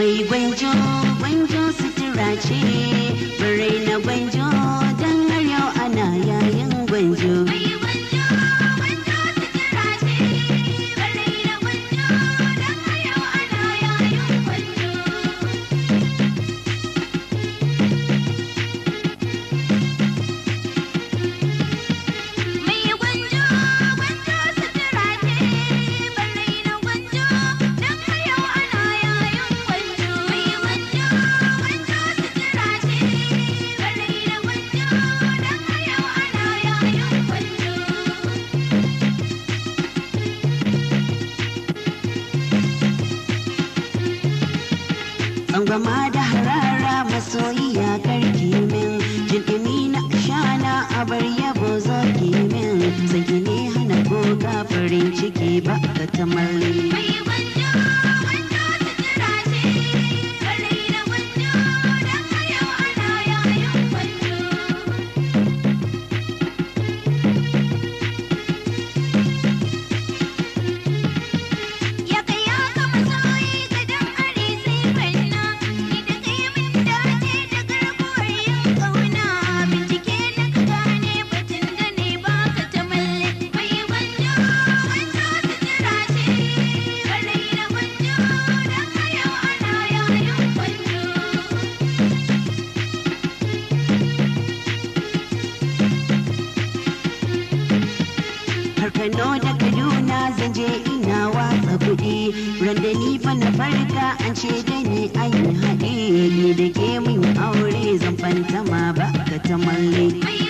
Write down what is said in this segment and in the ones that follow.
mai gwanjo gwanjo sutura ce bare na gwanjo Bangama da harara masoyiya karki min Jirgini na shana bar yabo zo min Sai ne hana ko farin ciki ba ka tamalli ta kano da kaduna zan je ina watsa kuɗi randa ni fa na farka an ce da ni ayin haɗe ni da ke min aure zan fanta ma ba ka ta malle.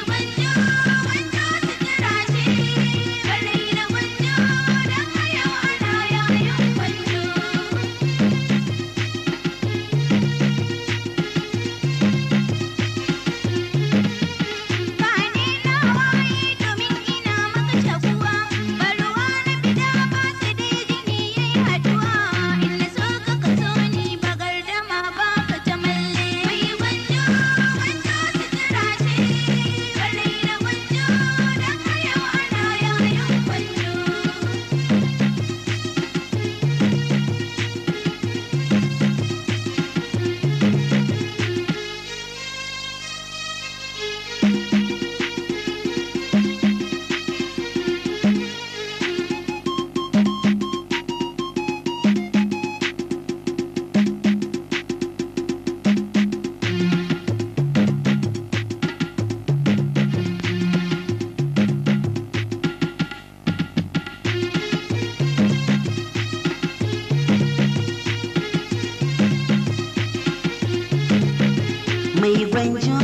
mai gwanjo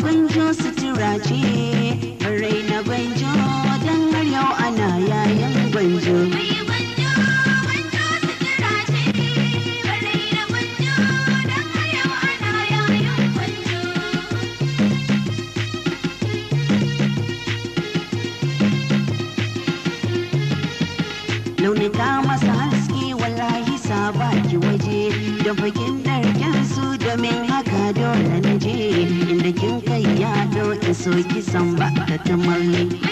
gwanjo sutura ce rai na gwanjo don har yau ana yayan gwanjo Launika masa haske wallahi sa baki waje da bakin ɗarken su domin so kisan ba ta tamalli